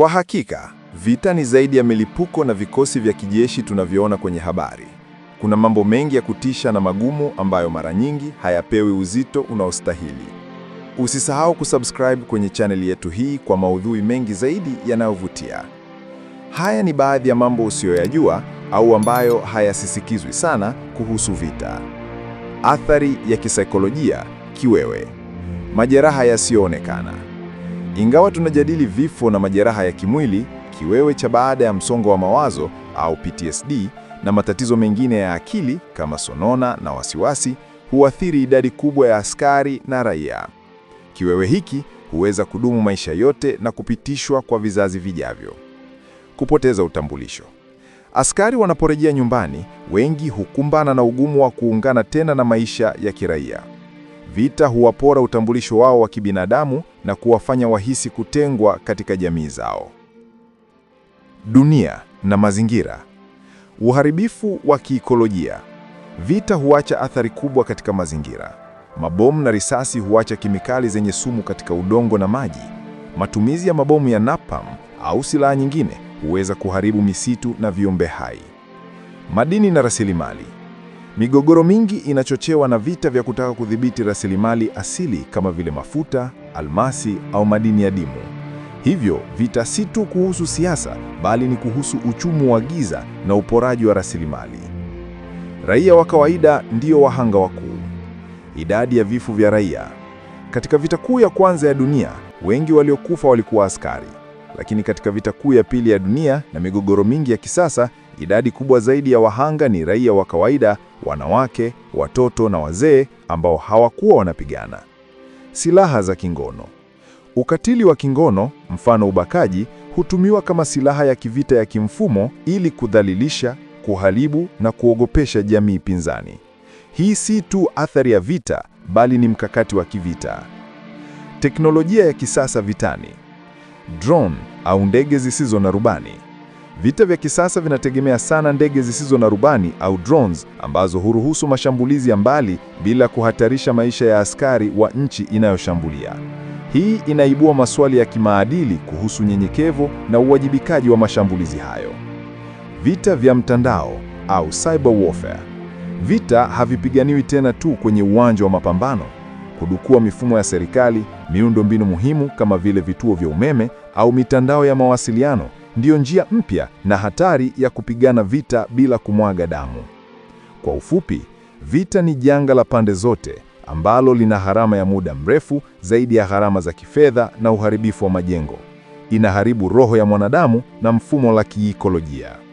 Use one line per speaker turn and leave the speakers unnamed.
Kwa hakika, vita ni zaidi ya milipuko na vikosi vya kijeshi tunavyoona kwenye habari. Kuna mambo mengi ya kutisha na magumu ambayo mara nyingi hayapewi uzito unaostahili. Usisahau kusubscribe kwenye chaneli yetu hii kwa maudhui mengi zaidi yanayovutia. Haya ni baadhi ya mambo usiyoyajua au ambayo hayasisikizwi sana kuhusu vita. Athari ya kisaikolojia, kiwewe, majeraha yasiyoonekana. Ingawa tunajadili vifo na majeraha ya kimwili, kiwewe cha baada ya msongo wa mawazo au PTSD na matatizo mengine ya akili kama sonona na wasiwasi huathiri idadi kubwa ya askari na raia. Kiwewe hiki huweza kudumu maisha yote na kupitishwa kwa vizazi vijavyo. Kupoteza utambulisho. Askari wanaporejea nyumbani, wengi hukumbana na ugumu wa kuungana tena na maisha ya kiraia. Vita huwapora utambulisho wao wa kibinadamu na kuwafanya wahisi kutengwa katika jamii zao. Dunia na mazingira. Uharibifu wa kiikolojia. Vita huacha athari kubwa katika mazingira. Mabomu na risasi huacha kemikali zenye sumu katika udongo na maji. Matumizi ya mabomu ya napalm au silaha nyingine huweza kuharibu misitu na viumbe hai. Madini na rasilimali. Migogoro mingi inachochewa na vita vya kutaka kudhibiti rasilimali asili kama vile mafuta, almasi au madini ya dimu. Hivyo vita si tu kuhusu siasa, bali ni kuhusu uchumu wa giza na uporaji wa rasilimali. Raia wa kawaida ndio wahanga wakuu. Idadi ya vifo vya raia katika vita kuu ya kwanza ya dunia, wengi waliokufa walikuwa askari, lakini katika vita kuu ya pili ya dunia na migogoro mingi ya kisasa, idadi kubwa zaidi ya wahanga ni raia wa kawaida wanawake, watoto na wazee ambao hawakuwa wanapigana. Silaha za kingono. Ukatili wa kingono, mfano ubakaji, hutumiwa kama silaha ya kivita ya kimfumo ili kudhalilisha, kuharibu na kuogopesha jamii pinzani. Hii si tu athari ya vita, bali ni mkakati wa kivita. Teknolojia ya kisasa vitani. Drone au ndege zisizo na rubani. Vita vya kisasa vinategemea sana ndege zisizo na rubani au drones ambazo huruhusu mashambulizi ya mbali bila kuhatarisha maisha ya askari wa nchi inayoshambulia. Hii inaibua maswali ya kimaadili kuhusu nyenyekevu na uwajibikaji wa mashambulizi hayo. Vita vya mtandao au cyber warfare. Vita havipiganiwi tena tu kwenye uwanja wa mapambano. Kudukua mifumo ya serikali, miundombinu muhimu kama vile vituo vya umeme au mitandao ya mawasiliano ndiyo njia mpya na hatari ya kupigana vita bila kumwaga damu. Kwa ufupi, vita ni janga la pande zote ambalo lina gharama ya muda mrefu zaidi ya gharama za kifedha na uharibifu wa majengo. Inaharibu roho ya mwanadamu na mfumo la kiikolojia.